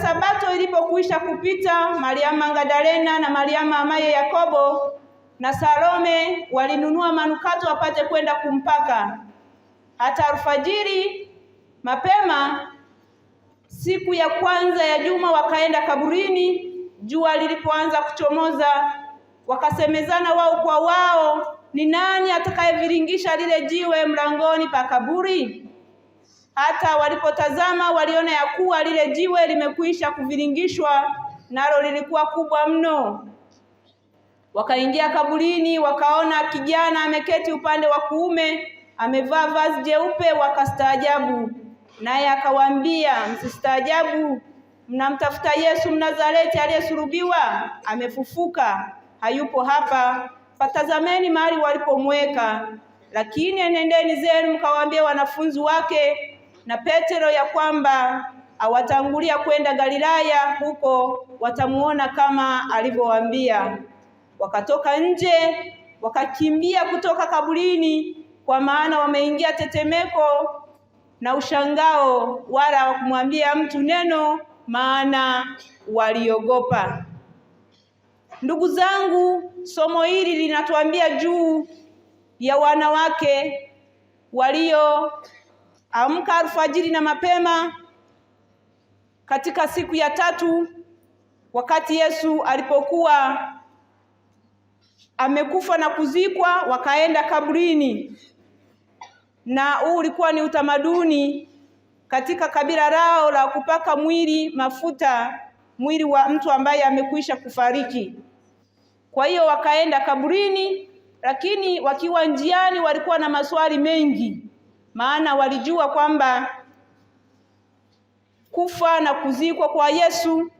Sabato ilipokwisha kupita, Mariamu Magdalena na Mariamu amaye Yakobo na Salome walinunua manukato wapate kwenda kumpaka. Hata alfajiri mapema siku ya kwanza ya juma wakaenda kaburini, jua lilipoanza kuchomoza, wakasemezana wao kwa wao, ni nani atakayeviringisha lile jiwe mlangoni pa kaburi? Hata walipotazama waliona ya kuwa lile jiwe limekwisha kuviringishwa, nalo lilikuwa kubwa mno. Wakaingia kaburini, wakaona kijana ameketi upande wa kuume, amevaa vazi jeupe, wakastaajabu. Naye akawaambia, msistaajabu. Mnamtafuta Yesu Mnazareti aliyesulubiwa. Amefufuka, hayupo hapa. Patazameni mahali walipomweka. Lakini enendeni zenu mkawaambie wanafunzi wake na Petero ya kwamba awatangulia kwenda Galilaya, huko watamuona kama alivyowaambia. Wakatoka nje wakakimbia kutoka kaburini, kwa maana wameingia tetemeko na ushangao, wala hawakumwambia mtu neno, maana waliogopa. Ndugu zangu, somo hili linatuambia juu ya wanawake walio Amka alfajiri na mapema katika siku ya tatu, wakati Yesu alipokuwa amekufa na kuzikwa, wakaenda kaburini na huu ulikuwa ni utamaduni katika kabila lao la kupaka mwili mafuta, mwili wa mtu ambaye amekwisha kufariki. Kwa hiyo wakaenda kaburini lakini wakiwa njiani walikuwa na maswali mengi maana walijua kwamba kufa na kuzikwa kwa Yesu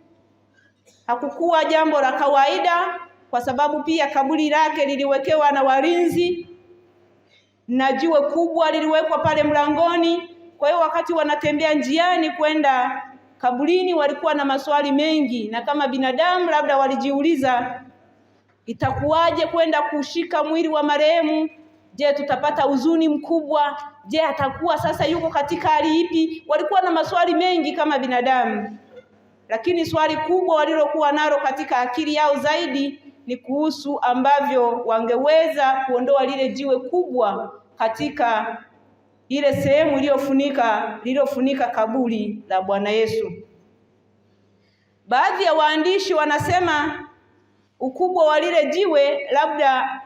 hakukuwa jambo la kawaida, kwa sababu pia kaburi lake liliwekewa na walinzi na jiwe kubwa liliwekwa pale mlangoni. Kwa hiyo wakati wanatembea njiani kwenda kaburini, walikuwa na maswali mengi, na kama binadamu labda walijiuliza, itakuwaje kwenda kushika mwili wa marehemu Je, tutapata huzuni mkubwa? Je, atakuwa sasa yuko katika hali ipi? Walikuwa na maswali mengi kama binadamu, lakini swali kubwa walilokuwa nalo katika akili yao zaidi ni kuhusu ambavyo wangeweza kuondoa lile jiwe kubwa katika ile sehemu iliyofunika lililofunika kaburi la Bwana Yesu. Baadhi ya waandishi wanasema ukubwa wa lile jiwe labda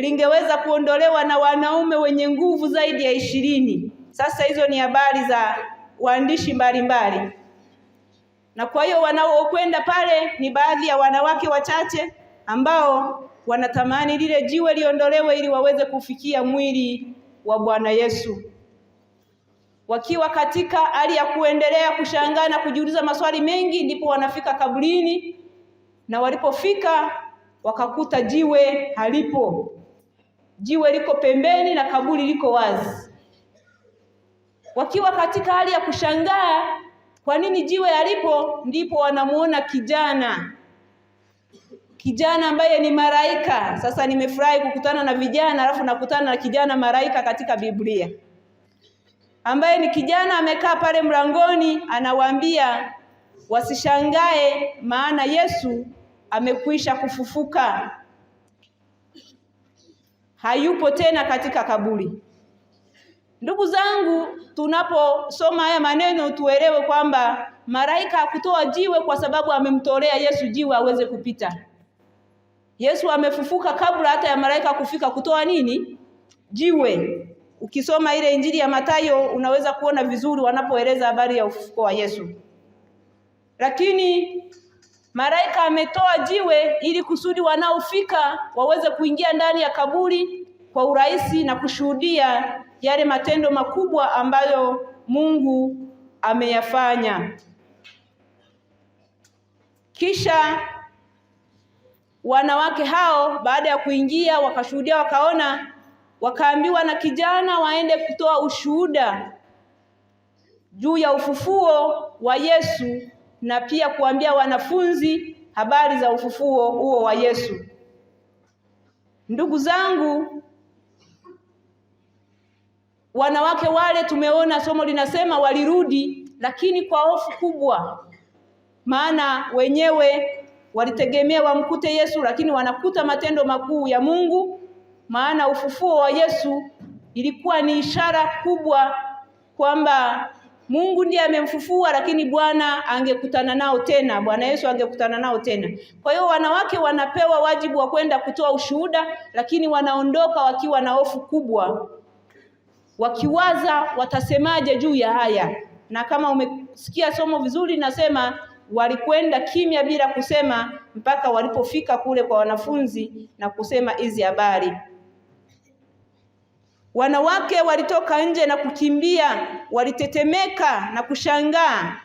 lingeweza kuondolewa na wanaume wenye nguvu zaidi ya ishirini. Sasa hizo ni habari za waandishi mbalimbali, na kwa hiyo wanaokwenda pale ni baadhi ya wanawake wachache ambao wanatamani lile jiwe liondolewe ili waweze kufikia mwili wa Bwana Yesu, wakiwa katika hali ya kuendelea kushangaa na kujiuliza maswali mengi, ndipo wanafika kaburini, na walipofika wakakuta jiwe halipo jiwe liko pembeni na kaburi liko wazi, wakiwa katika hali ya kushangaa kwa nini jiwe alipo, ndipo wanamuona kijana kijana ambaye ni maraika. Sasa nimefurahi kukutana na vijana, alafu nakutana na kijana maraika katika Biblia, ambaye ni kijana amekaa pale mlangoni, anawaambia wasishangae, maana Yesu amekwisha kufufuka hayupo tena katika kaburi. Ndugu zangu, tunaposoma haya maneno tuelewe kwamba malaika hakutoa jiwe kwa sababu amemtolea Yesu jiwe aweze kupita. Yesu amefufuka kabla hata ya malaika kufika kutoa nini? Jiwe. Ukisoma ile Injili ya Mathayo unaweza kuona vizuri wanapoeleza habari ya ufufuko wa Yesu. Lakini Malaika ametoa jiwe ili kusudi wanaofika waweze kuingia ndani ya kaburi kwa urahisi na kushuhudia yale matendo makubwa ambayo Mungu ameyafanya. Kisha wanawake hao baada ya kuingia wakashuhudia, wakaona, wakaambiwa na kijana waende kutoa ushuhuda juu ya ufufuo wa Yesu na pia kuambia wanafunzi habari za ufufuo huo wa Yesu. Ndugu zangu, wanawake wale tumeona somo linasema walirudi, lakini kwa hofu kubwa, maana wenyewe walitegemea wamkute Yesu, lakini wanakuta matendo makuu ya Mungu, maana ufufuo wa Yesu ilikuwa ni ishara kubwa kwamba Mungu ndiye amemfufua, lakini Bwana angekutana nao tena, Bwana Yesu angekutana nao tena. Kwa hiyo wanawake wanapewa wajibu wa kwenda kutoa ushuhuda, lakini wanaondoka wakiwa na hofu kubwa, wakiwaza watasemaje juu ya haya. Na kama umesikia somo vizuri, nasema walikwenda kimya bila kusema mpaka walipofika kule kwa wanafunzi na kusema hizi habari. Wanawake walitoka nje na kukimbia, walitetemeka na kushangaa,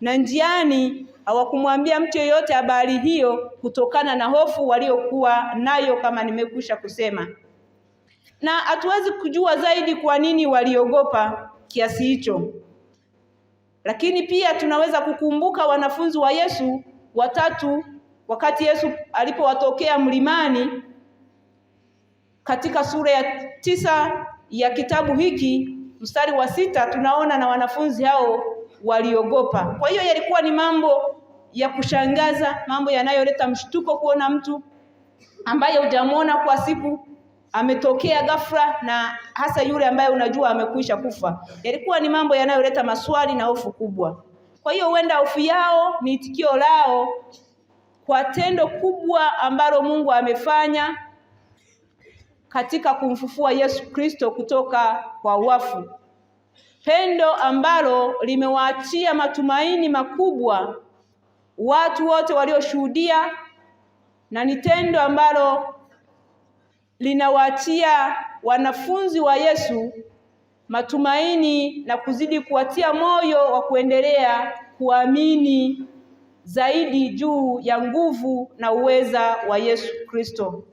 na njiani hawakumwambia mtu yeyote habari hiyo kutokana na hofu waliokuwa nayo, kama nimekwisha kusema, na hatuwezi kujua zaidi kwa nini waliogopa kiasi hicho. Lakini pia tunaweza kukumbuka wanafunzi wa Yesu watatu, wakati Yesu alipowatokea mlimani katika sura ya tisa ya kitabu hiki mstari wa sita tunaona na wanafunzi hao waliogopa. Kwa hiyo yalikuwa ni mambo ya kushangaza, mambo yanayoleta mshtuko, kuona mtu ambaye hujamuona kwa siku ametokea ghafla, na hasa yule ambaye unajua amekwisha kufa. Yalikuwa ni mambo yanayoleta maswali na hofu kubwa. Kwa hiyo huenda hofu yao ni itikio lao kwa tendo kubwa ambalo Mungu amefanya katika kumfufua Yesu Kristo kutoka kwa wafu, pendo ambalo limewaachia matumaini makubwa watu wote walioshuhudia, na ni tendo ambalo linawaachia wanafunzi wa Yesu matumaini na kuzidi kuwatia moyo wa kuendelea kuamini zaidi juu ya nguvu na uweza wa Yesu Kristo.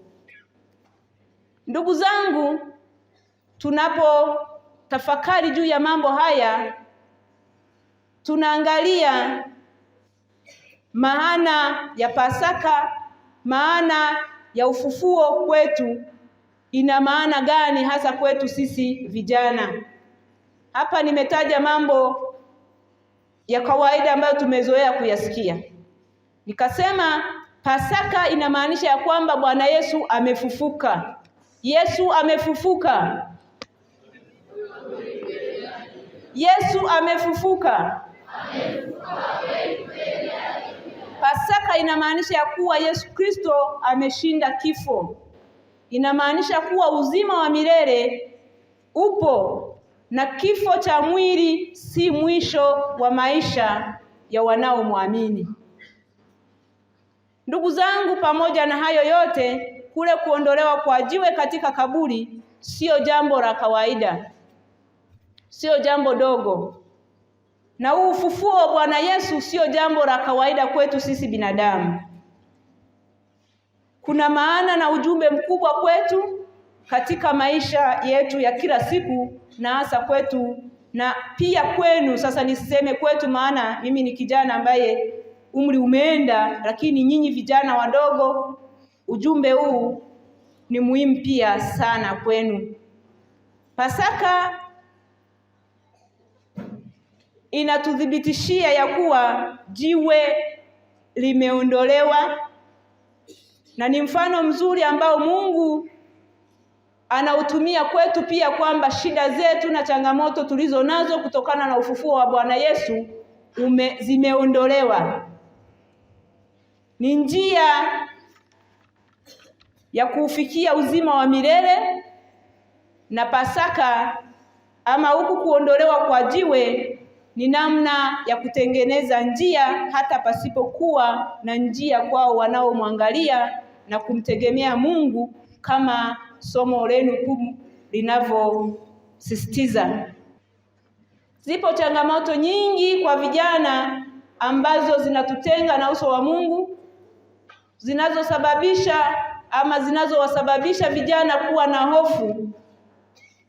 Ndugu zangu, tunapotafakari juu ya mambo haya tunaangalia maana ya Pasaka, maana ya ufufuo kwetu ina maana gani hasa kwetu sisi vijana. Hapa nimetaja mambo ya kawaida ambayo tumezoea kuyasikia. Nikasema Pasaka inamaanisha ya kwamba Bwana Yesu amefufuka. Yesu amefufuka. Yesu amefufuka. Pasaka inamaanisha ya kuwa Yesu Kristo ameshinda kifo. Inamaanisha kuwa uzima wa milele upo na kifo cha mwili si mwisho wa maisha ya wanaomwamini. Ndugu zangu, pamoja na hayo yote kule kuondolewa kwa jiwe katika kaburi sio jambo la kawaida, sio jambo dogo, na huu ufufuo wa Bwana Yesu sio jambo la kawaida kwetu sisi binadamu. Kuna maana na ujumbe mkubwa kwetu katika maisha yetu ya kila siku, na hasa kwetu na pia kwenu. Sasa nisiseme kwetu, maana mimi ni kijana ambaye umri umeenda, lakini nyinyi vijana wadogo Ujumbe huu ni muhimu pia sana kwenu. Pasaka inatuthibitishia ya kuwa jiwe limeondolewa na ni mfano mzuri ambao Mungu anautumia kwetu pia, kwamba shida zetu na changamoto tulizo nazo kutokana na ufufuo wa Bwana Yesu ume, zimeondolewa. Ni njia ya kuufikia uzima wa milele na Pasaka ama huku kuondolewa kwa jiwe ni namna ya kutengeneza njia hata pasipokuwa na njia kwao wanaomwangalia na kumtegemea Mungu kama somo lenu kuu linavyosisitiza. Zipo changamoto nyingi kwa vijana ambazo zinatutenga na uso wa Mungu zinazosababisha ama zinazowasababisha vijana kuwa na hofu.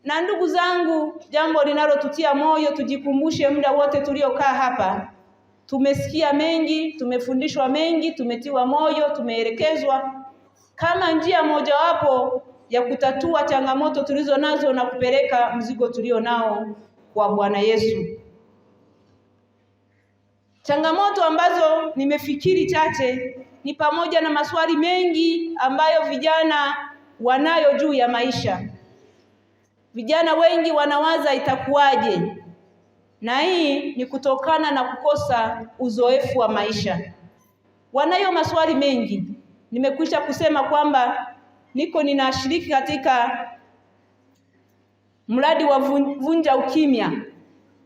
Na ndugu zangu, jambo linalotutia moyo, tujikumbushe muda wote tuliokaa hapa. Tumesikia mengi, tumefundishwa mengi, tumetiwa moyo, tumeelekezwa kama njia mojawapo ya kutatua changamoto tulizo nazo na kupeleka mzigo tulio nao kwa Bwana Yesu. Changamoto ambazo nimefikiri chache ni pamoja na maswali mengi ambayo vijana wanayo juu ya maisha. Vijana wengi wanawaza itakuwaje, na hii ni kutokana na kukosa uzoefu wa maisha. Wanayo maswali mengi. Nimekwisha kusema kwamba niko ninashiriki katika mradi wa Vunja Ukimya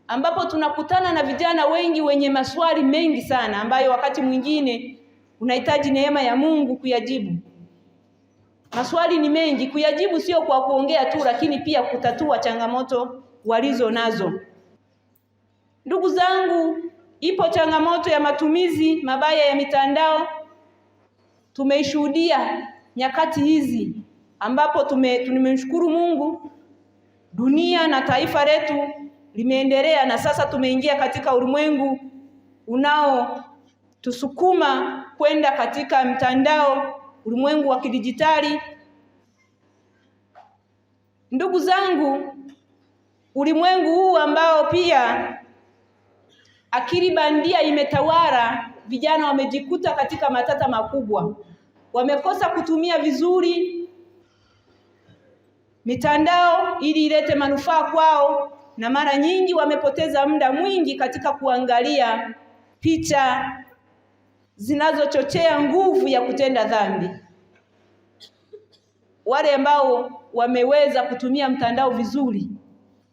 ambapo tunakutana na vijana wengi wenye maswali mengi sana ambayo wakati mwingine Unahitaji neema ya Mungu kuyajibu. Maswali ni mengi, kuyajibu sio kwa kuongea tu, lakini pia kutatua changamoto walizo nazo. Ndugu zangu, ipo changamoto ya matumizi mabaya ya mitandao. Tumeishuhudia nyakati hizi ambapo tume tumemshukuru Mungu, dunia na taifa letu limeendelea, na sasa tumeingia katika ulimwengu unaotusukuma kwenda katika mtandao, ulimwengu wa kidijitali. Ndugu zangu, ulimwengu huu ambao pia akili bandia imetawala, vijana wamejikuta katika matata makubwa, wamekosa kutumia vizuri mitandao ili ilete manufaa kwao, na mara nyingi wamepoteza muda mwingi katika kuangalia picha zinazochochea nguvu ya kutenda dhambi. Wale ambao wameweza kutumia mtandao vizuri,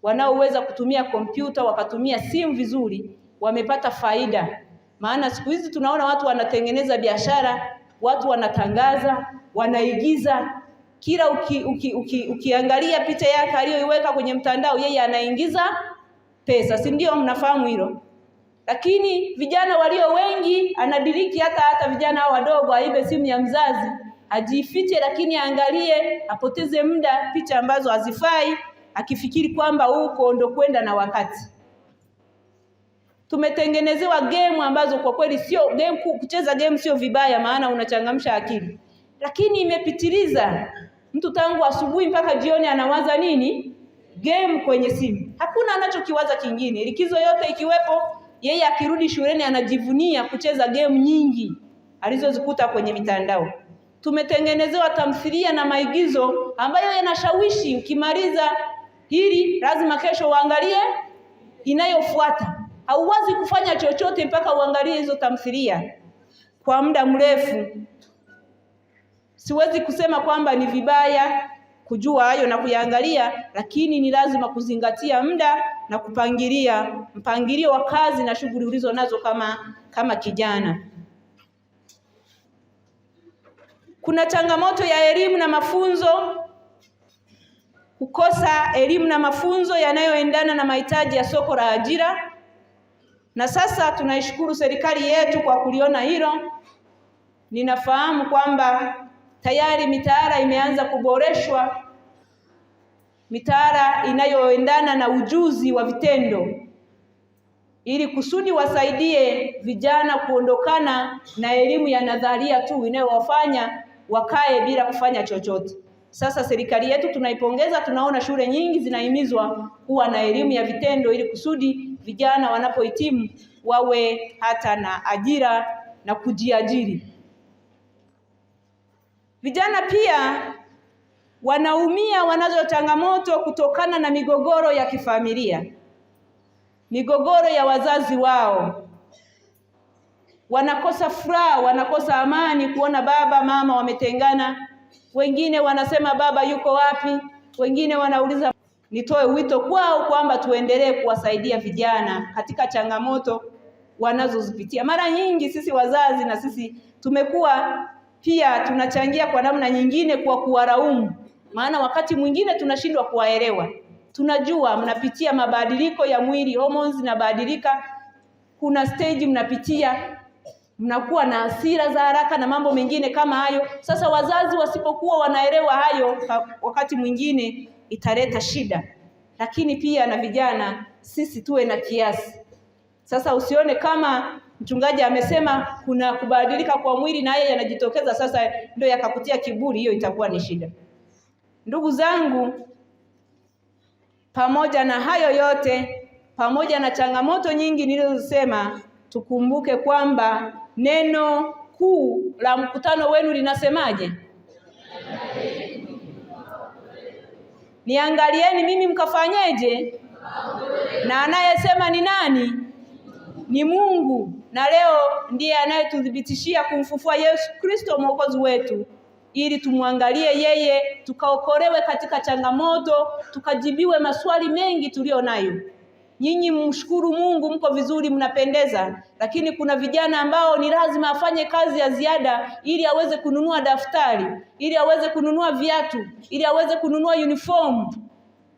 wanaoweza kutumia kompyuta wakatumia simu vizuri, wamepata faida. Maana siku hizi tunaona watu wanatengeneza biashara, watu wanatangaza, wanaigiza. Kila uki, uki, uki, ukiangalia picha yake aliyoiweka kwenye mtandao, yeye anaingiza pesa, si ndio? Mnafahamu hilo. Lakini vijana walio wengi anadiriki hata hata vijana wadogo, aibe simu ya mzazi ajifiche, lakini aangalie, apoteze muda picha ambazo hazifai, akifikiri kwamba huko ndo kwenda na wakati. Tumetengenezewa game ambazo kwa kweli sio game. Kucheza game sio vibaya, maana unachangamsha akili, lakini imepitiliza. Mtu tangu asubuhi mpaka jioni anawaza nini? Game kwenye simu, hakuna anachokiwaza kingine. Likizo yote ikiwepo yeye akirudi shuleni anajivunia kucheza game nyingi alizozikuta kwenye mitandao. Tumetengenezewa tamthilia na maigizo ambayo yanashawishi, ukimaliza hili lazima kesho uangalie inayofuata. Hauwezi kufanya chochote mpaka uangalie hizo tamthilia kwa muda mrefu. Siwezi kusema kwamba ni vibaya kujua hayo na kuyaangalia, lakini ni lazima kuzingatia muda na kupangilia mpangilio wa kazi na shughuli ulizo nazo kama, kama kijana. Kuna changamoto ya elimu na mafunzo, kukosa elimu na mafunzo yanayoendana na mahitaji ya soko la ajira, na sasa tunaishukuru serikali yetu kwa kuliona hilo. Ninafahamu kwamba tayari mitaala imeanza kuboreshwa mitaala inayoendana na ujuzi wa vitendo, ili kusudi wasaidie vijana kuondokana na elimu ya nadharia tu inayowafanya wakae bila kufanya chochote. Sasa serikali yetu tunaipongeza, tunaona shule nyingi zinahimizwa kuwa na elimu ya vitendo ili kusudi vijana wanapohitimu wawe hata na ajira na kujiajiri. Vijana pia wanaumia, wanazo changamoto kutokana na migogoro ya kifamilia, migogoro ya wazazi wao. Wanakosa furaha, wanakosa amani kuona baba mama wametengana. Wengine wanasema baba yuko wapi? Wengine wanauliza. Nitoe wito kwao kwamba tuendelee kuwasaidia vijana katika changamoto wanazozipitia. Mara nyingi sisi wazazi na sisi tumekuwa pia tunachangia kwa namna nyingine kwa kuwaraumu maana wakati mwingine tunashindwa kuwaelewa. Tunajua mnapitia mabadiliko ya mwili, hormones zinabadilika, kuna stage mnapitia, mnakuwa na hasira za haraka na mambo mengine kama hayo. Sasa wazazi wasipokuwa wanaelewa hayo, wakati mwingine italeta shida, lakini pia na vijana sisi tuwe na kiasi. Sasa usione kama mchungaji amesema kuna kubadilika kwa mwili na yeye yanajitokeza sasa ndio yakakutia kiburi, hiyo itakuwa ni shida. Ndugu zangu, pamoja na hayo yote, pamoja na changamoto nyingi nilizosema, tukumbuke kwamba neno kuu la mkutano wenu linasemaje? Niangalieni mimi mkafanyeje? Na anayesema ni nani? Ni Mungu, na leo ndiye anayetuthibitishia kumfufua Yesu Kristo mwokozi wetu ili tumwangalie yeye, tukaokolewe katika changamoto, tukajibiwe maswali mengi tuliyo nayo. Nyinyi mshukuru Mungu, mko vizuri, mnapendeza, lakini kuna vijana ambao ni lazima afanye kazi ya ziada ili aweze kununua daftari, ili aweze kununua viatu, ili aweze kununua uniform.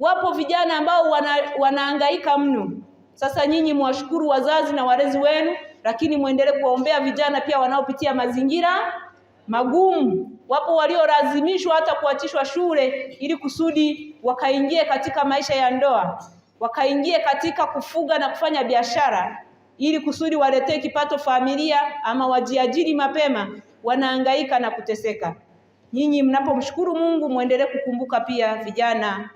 Wapo vijana ambao wana, wanaangaika mno. Sasa nyinyi mwashukuru wazazi na walezi wenu, lakini muendelee kuwaombea vijana pia wanaopitia mazingira magumu. Wapo waliolazimishwa hata kuachishwa shule ili kusudi wakaingie katika maisha ya ndoa, wakaingie katika kufuga na kufanya biashara ili kusudi waletee kipato familia, ama wajiajiri mapema, wanaangaika na kuteseka. Nyinyi mnapomshukuru Mungu muendelee kukumbuka pia vijana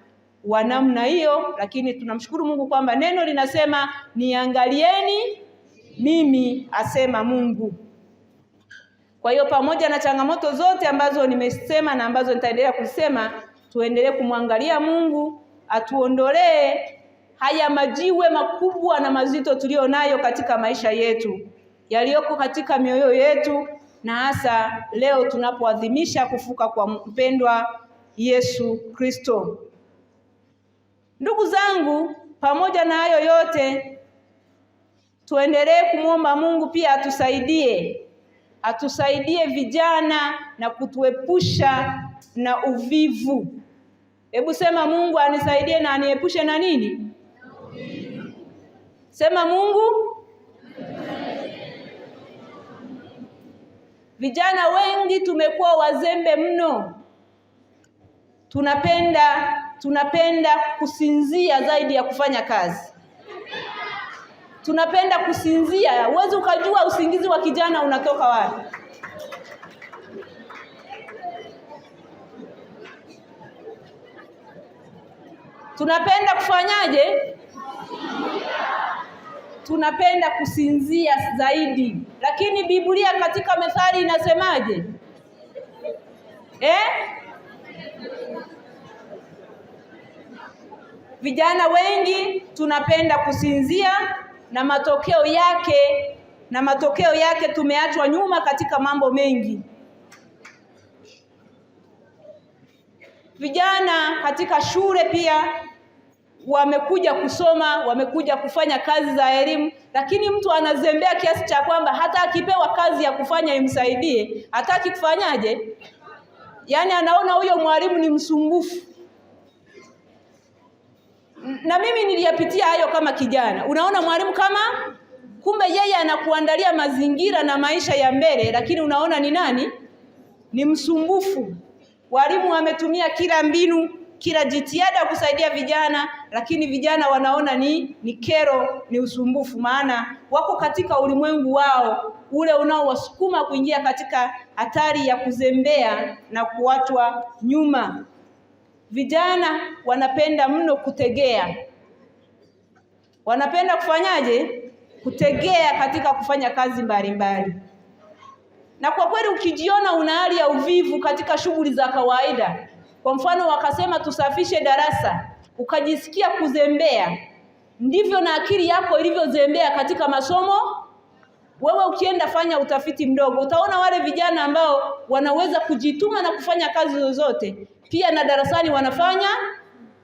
wa namna hiyo, lakini tunamshukuru Mungu kwamba neno linasema niangalieni mimi, asema Mungu. Kwa hiyo pamoja na changamoto zote ambazo nimesema na ambazo nitaendelea kusema, tuendelee kumwangalia Mungu atuondolee haya majiwe makubwa na mazito tuliyo nayo katika maisha yetu, yaliyoko katika mioyo yetu, na hasa leo tunapoadhimisha kufuka kwa mpendwa Yesu Kristo. Ndugu zangu, pamoja na hayo yote, tuendelee kumwomba Mungu pia atusaidie atusaidie vijana na kutuepusha na uvivu. Hebu sema Mungu anisaidie na aniepushe na nini? Sema Mungu. Vijana wengi tumekuwa wazembe mno, tunapenda tunapenda kusinzia zaidi ya kufanya kazi tunapenda kusinzia. huwezi ukajua usingizi wa kijana unatoka wapi. Tunapenda kufanyaje? Tunapenda kusinzia zaidi, lakini Biblia katika Methali inasemaje eh? Vijana wengi tunapenda kusinzia na matokeo yake na matokeo yake tumeachwa nyuma katika mambo mengi. Vijana katika shule pia wamekuja kusoma, wamekuja kufanya kazi za elimu, lakini mtu anazembea kiasi cha kwamba hata akipewa kazi ya kufanya imsaidie hataki kufanyaje, yaani anaona huyo mwalimu ni msumbufu na mimi niliyapitia hayo kama kijana. Unaona mwalimu kama kumbe yeye anakuandalia mazingira na maisha ya mbele, lakini unaona ni nani? Ni msumbufu. Walimu wametumia kila mbinu, kila jitihada kusaidia vijana, lakini vijana wanaona ni ni kero, ni usumbufu, maana wako katika ulimwengu wao ule unaowasukuma kuingia katika hatari ya kuzembea na kuachwa nyuma. Vijana wanapenda mno kutegea, wanapenda kufanyaje? Kutegea katika kufanya kazi mbalimbali mbali. Na kwa kweli ukijiona una hali ya uvivu katika shughuli za kawaida, kwa mfano wakasema tusafishe darasa, ukajisikia kuzembea, ndivyo na akili yako ilivyozembea katika masomo. Wewe ukienda fanya utafiti mdogo, utaona wale vijana ambao wanaweza kujituma na kufanya kazi zozote pia na darasani wanafanya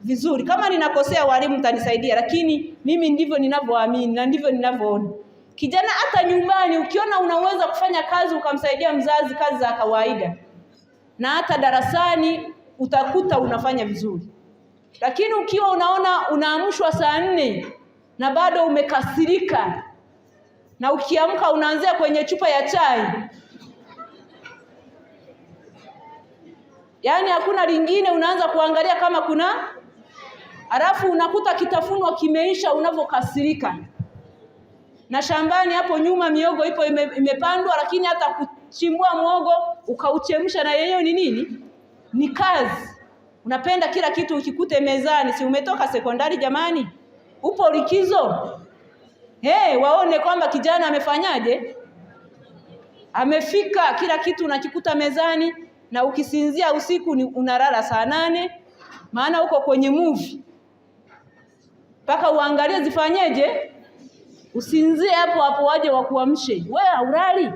vizuri. Kama ninakosea walimu, mtanisaidia, lakini mimi ndivyo ninavyoamini na ndivyo ninavyoona. Kijana hata nyumbani ukiona unaweza kufanya kazi ukamsaidia mzazi, kazi za kawaida, na hata darasani utakuta unafanya vizuri. Lakini ukiwa unaona unaamshwa saa nne na bado umekasirika, na ukiamka unaanzia kwenye chupa ya chai yaani hakuna lingine. Unaanza kuangalia kama kuna halafu unakuta kitafunwa kimeisha, unavyokasirika. Na shambani hapo nyuma miogo ipo ime, imepandwa, lakini hata kuchimbua mwogo ukauchemsha na yenyewe ni nini? Ni kazi. Unapenda kila kitu ukikute mezani. Si umetoka sekondari jamani, upo likizo Hey, waone kwamba kijana amefanyaje, amefika. Kila kitu unakikuta mezani na ukisinzia usiku ni unalala saa nane, maana uko kwenye movie mpaka uangalie zifanyeje, usinzie hapo hapo, waje wakuamshe, wewe haulali.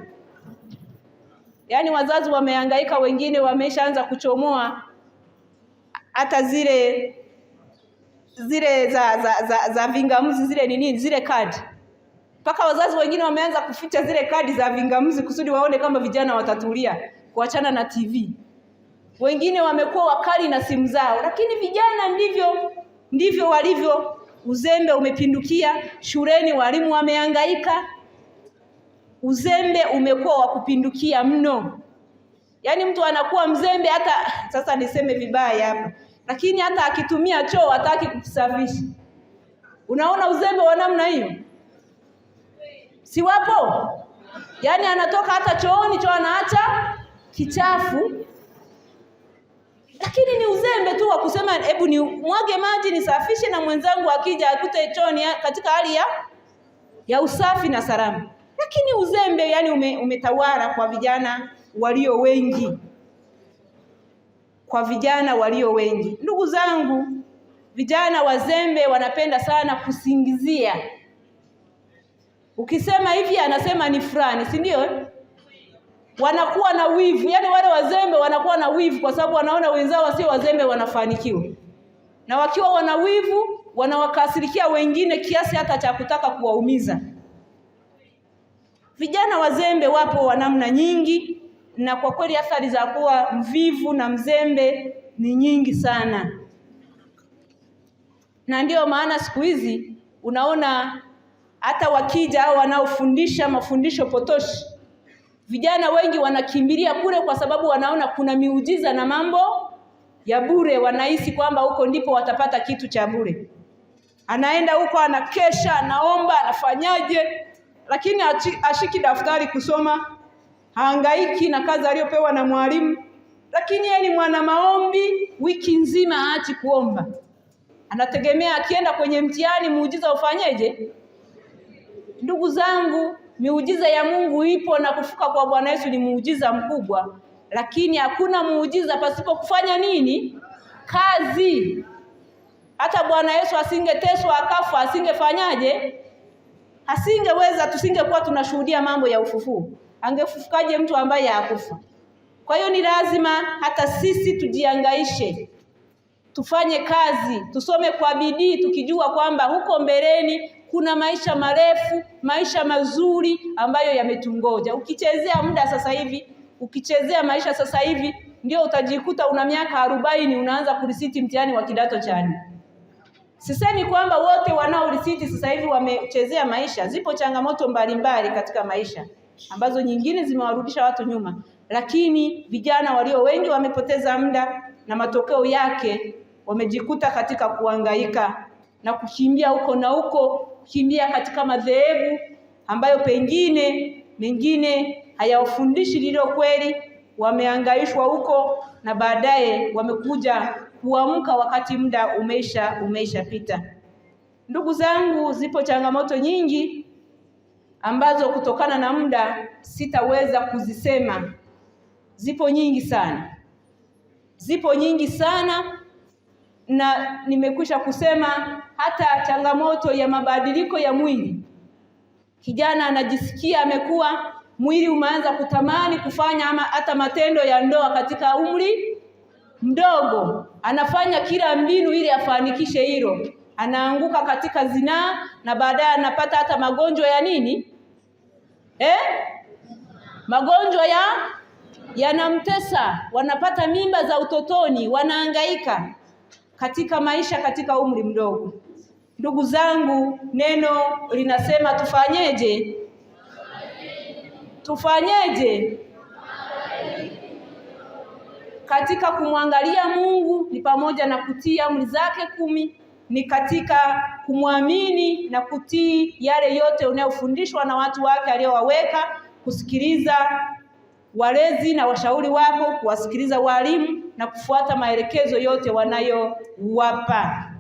Yaani wazazi wamehangaika, wengine wameshaanza kuchomoa hata zile zile za za, za, za vingamuzi zile ni nini zile kadi mpaka wazazi wengine wameanza kuficha zile kadi za vingamuzi kusudi waone kama vijana watatulia kuachana na TV. Wengine wamekuwa wakali na simu zao, lakini vijana ndivyo ndivyo walivyo. Uzembe umepindukia shuleni, walimu wamehangaika, uzembe umekuwa wa kupindukia mno. Yaani mtu anakuwa mzembe hata sasa, niseme vibaya hapa, lakini hata akitumia choo hataki kukisafisha. Unaona uzembe wa namna hiyo, siwapo Yaani anatoka hata chooni, choo anaacha kichafu, lakini ni uzembe tu wa kusema hebu ni mwage maji nisafishe, na mwenzangu akija akute chooni katika hali ya ya usafi na salama. Lakini uzembe yani ume, umetawala kwa vijana walio wengi, kwa vijana walio wengi. Ndugu zangu, vijana wazembe wanapenda sana kusingizia. Ukisema hivi anasema ni fulani, si ndio? wanakuwa na wivu, yaani wale wazembe wanakuwa na wivu kwa sababu wanaona wenzao wasio wazembe wanafanikiwa, na wakiwa wana wivu wanawakasirikia wengine kiasi hata cha kutaka kuwaumiza. Vijana wazembe wapo wa namna nyingi, na kwa kweli athari za kuwa mvivu na mzembe ni nyingi sana, na ndiyo maana siku hizi unaona hata wakija au wanaofundisha mafundisho potoshi Vijana wengi wanakimbilia kule kwa sababu wanaona kuna miujiza na mambo ya bure, wanahisi kwamba huko ndipo watapata kitu cha bure. Anaenda huko anakesha, anaomba, anafanyaje, lakini ashiki daftari kusoma, haangaiki na kazi aliyopewa na mwalimu, lakini yeye ni mwana maombi, wiki nzima haachi kuomba, anategemea akienda kwenye mtihani muujiza ufanyeje? Ndugu zangu, Miujiza ya Mungu ipo na kufuka kwa Bwana Yesu ni muujiza mkubwa, lakini hakuna muujiza pasipo kufanya nini? Kazi. Hata Bwana Yesu asingeteswa akafa, asingefanyaje? Asingeweza, tusingekuwa tunashuhudia mambo ya ufufuo. Angefufukaje mtu ambaye hakufa? Kwa hiyo ni lazima hata sisi tujiangaishe, tufanye kazi, tusome kwa bidii, tukijua kwamba huko mbeleni kuna maisha marefu, maisha mazuri ambayo yametungoja. Ukichezea muda sasa hivi, ukichezea maisha sasa hivi, ndio utajikuta una miaka arobaini unaanza kurisiti mtihani wa kidato cha nne. Sisemi kwamba wote wanaorisiti sasa hivi wamechezea maisha. Zipo changamoto mbalimbali katika maisha ambazo nyingine zimewarudisha watu nyuma, lakini vijana walio wengi wamepoteza muda na matokeo yake wamejikuta katika kuangaika na kukimbia huko na huko kukimbia katika madhehebu ambayo pengine mengine hayawafundishi lililo kweli, wameangaishwa huko na baadaye wamekuja kuamka wakati muda umeisha umeishapita. Ndugu zangu, zipo changamoto nyingi ambazo kutokana na muda sitaweza kuzisema. Zipo nyingi sana, zipo nyingi sana na nimekwisha kusema hata changamoto ya mabadiliko ya mwili. Kijana anajisikia amekuwa mwili umeanza kutamani kufanya ama hata matendo ya ndoa katika umri mdogo, anafanya kila mbinu ili afanikishe hilo, anaanguka katika zinaa na baadaye anapata hata magonjwa ya nini eh? magonjwa ya yanamtesa, wanapata mimba za utotoni, wanaangaika katika maisha katika umri mdogo. Ndugu zangu, neno linasema tufanyeje? Tufanyeje? Katika kumwangalia Mungu ni pamoja na kutii amri zake kumi, ni katika kumwamini na kutii yale yote unayofundishwa na watu wake aliyowaweka, kusikiliza walezi na washauri wako, kuwasikiliza walimu na kufuata maelekezo yote wanayowapa.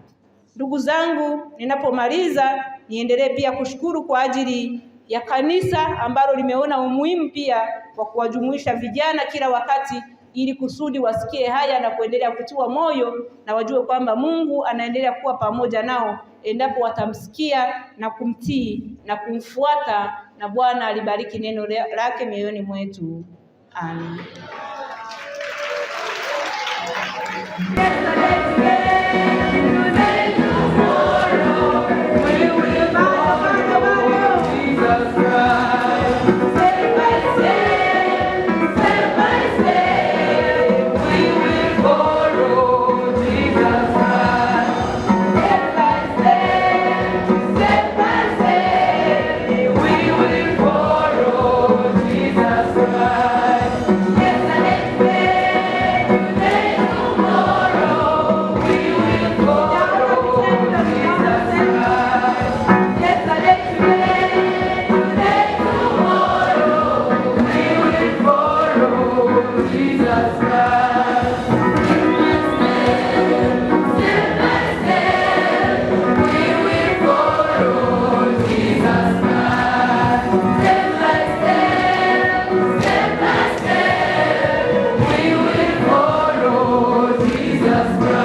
Ndugu zangu, ninapomaliza niendelee pia kushukuru kwa ajili ya kanisa ambalo limeona umuhimu pia wa kuwajumuisha vijana kila wakati ili kusudi wasikie haya na kuendelea kutiwa moyo na wajue kwamba Mungu anaendelea kuwa pamoja nao endapo watamsikia na kumtii na kumfuata, na Bwana alibariki neno lake mioyoni mwetu. And. just